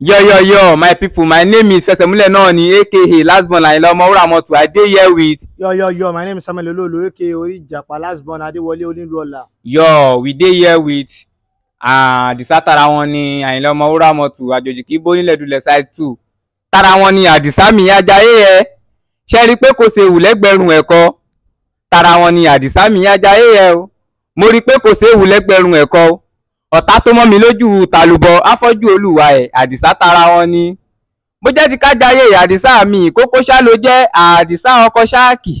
yo yo yo my people my name is fẹsẹ̀múlẹ̀ náà ni aka lasbon àyìnlá ọmọwúrà I adé here with. yo yo yo my name is samuel olóòlù aka orí ìjàpá lasbon adéwọlé onílù ọ̀la. yo we dey here with àdìsá ah, tara wọn ni àyìnlá ọmọwúrà mọ̀tò àjòjì kì í bó nílẹ̀ dulẹ̀ side two tara wọn ni àdìsá mi ajáyé e. ẹ ṣe rí i pé kò ṣe wùlẹ́gbẹ̀rún ẹ̀kọ́ tara wọn ni àdìsá mi ajáyé ẹ e o mo rí i pé kò ṣe wùlẹ́gbẹ̀rún ẹ̀kọ́ o ọ̀tá tó mọ́ mi lójú tàlùbọ̀ afọ́jú olúwa ẹ̀ àdìsá tara wọn ni bó jẹ́ ti kájayé àdìsá mi ìkókó ṣá ló jẹ́ àdìsá ọkọ ṣáàkì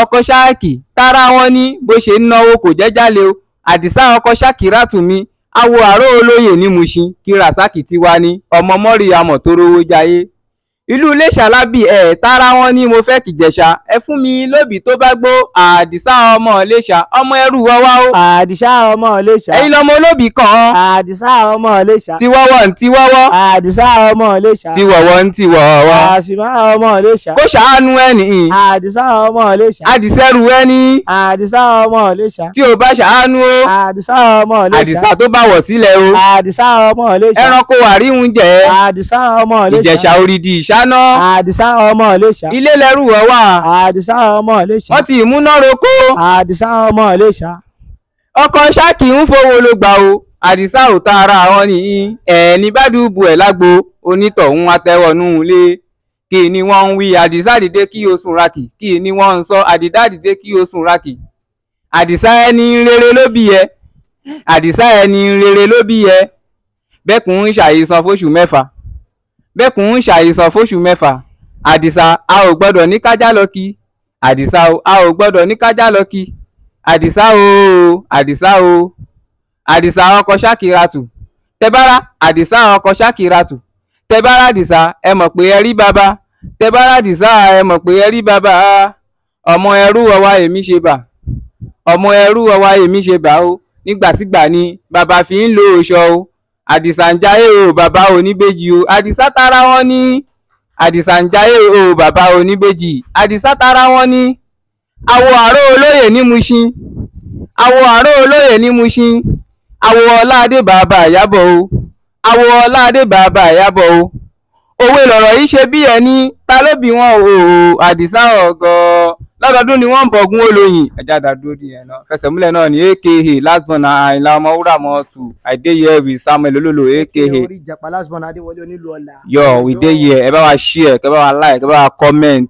ọkọ ṣáàkì tara wọn ni bó ṣe ń náwó kò jẹ́ jálè o àdìsá ọkọ ṣáàkì rátù mi awo àró olóyè ní Mushin kí rasaki ti wá ní ọmọ mọ́rí amọ̀ tó rówó jayé ìlú iléṣà lábì ẹ̀ tara wọn ni mo fẹ́ kìjẹ̀ṣà ẹ fún mi lóbì tó bá gbó àdìsá ọmọ iléṣà ọmọ ẹrú wọ́wá o. àdìsá ọmọ iléṣà. ẹ̀yin lọmọ olóbì kan. àdìsá ọmọ iléṣà. tiwọ́wọ́ ń tiwọ́wọ́. àdìsá ọmọ iléṣà. tiwọ̀wọ́ ń tiwọ̀wọ́. àṣìmá ọmọ iléṣà. kó ṣàánú ẹni. àdìsá ọmọ iléṣà. àdìsẹ́rù ẹni. àdìsá ọmọ iléṣà. tí o bá ṣàánú o. àdìsá ọmọ iléṣà. àdìsá tó bá wọ̀ sílẹ̀ o. àdìsá dáná. àdìsá ọmọ Iléṣà. ilé lẹ́rù wọ́ wà. àdìsá ọmọ Iléṣà. wọ́n ti ìmúná roko. àdìsá ọmọ Iléṣà. ọkọ̀ ṣáàkì ń fowó ló gbà o àdìsá ò tá ara wọn ni ẹ̀ẹ́ni bá bu ẹ̀ lágbo onítọ̀hún atẹ́wọ̀nú ilé kí ni wọ́n ń wí àdìsá dìde kí o sùn rakì kí ni wọ́n ń sọ àdìdá dìde kí o sùn rakì àdìsá ẹni rere ló bí ẹ àdìsá ẹni rere ló bí ẹ bẹ́kùn ń ṣàìsàn fóṣù mẹ́fà bẹ́kùn ń ṣàìsàn fóṣù mẹ́fà àdìsá a ò gbọ́dọ̀ ní kájá lọ kí àdìsá o a ò gbọ́dọ̀ ní kájá lọ kí àdìsá o àdìsá o àdìsá ọkọ ṣàkìràtù tẹbára àdìsá ọkọ ṣàkìràtù tẹbára àdìsá ẹ mọ̀ pé ẹ rí bàbá tẹbára àdìsá ẹ mọ̀ pé ẹ rí bàbá ọmọ ẹrú ọwa èmi ṣe bà ọmọ ẹrú ọwa èmi ṣe bà o nígbàsígbà ni bàbá fi ń lo òòṣọ o àdìsá ń jayé o bàbá oníbejì o àdìsá tara wọn ní àdìsá o bàbá oníbejì àdìsá tara wọn ní àwọ̀ àró olóyè ní Mushin àwọ̀ àró olóyè ní Mushin àwọ̀ ọ̀làdé bàbá ìyábọ̀ o àwọ̀ ọ̀làdé bàbá ìyábọ̀ o òwe lọ̀rọ̀ yìí ṣe bí ẹni ta ló bí wọn o àdìsá ọ̀gọ́ lọ́dọọdún ni wọ́n ń bọ̀gún olóyin ẹ̀já dàdúró nìyẹn náà fẹsẹ̀múlẹ̀ náà ni aka lasbona àyìnlá ọmọ wúràmọ tù àìdéyẹwì samuel olólo aka yọ ìdéyẹ ẹ bá wa ṣí ẹ bá wa láì kẹ bá wa kọ́mẹ́ǹtì.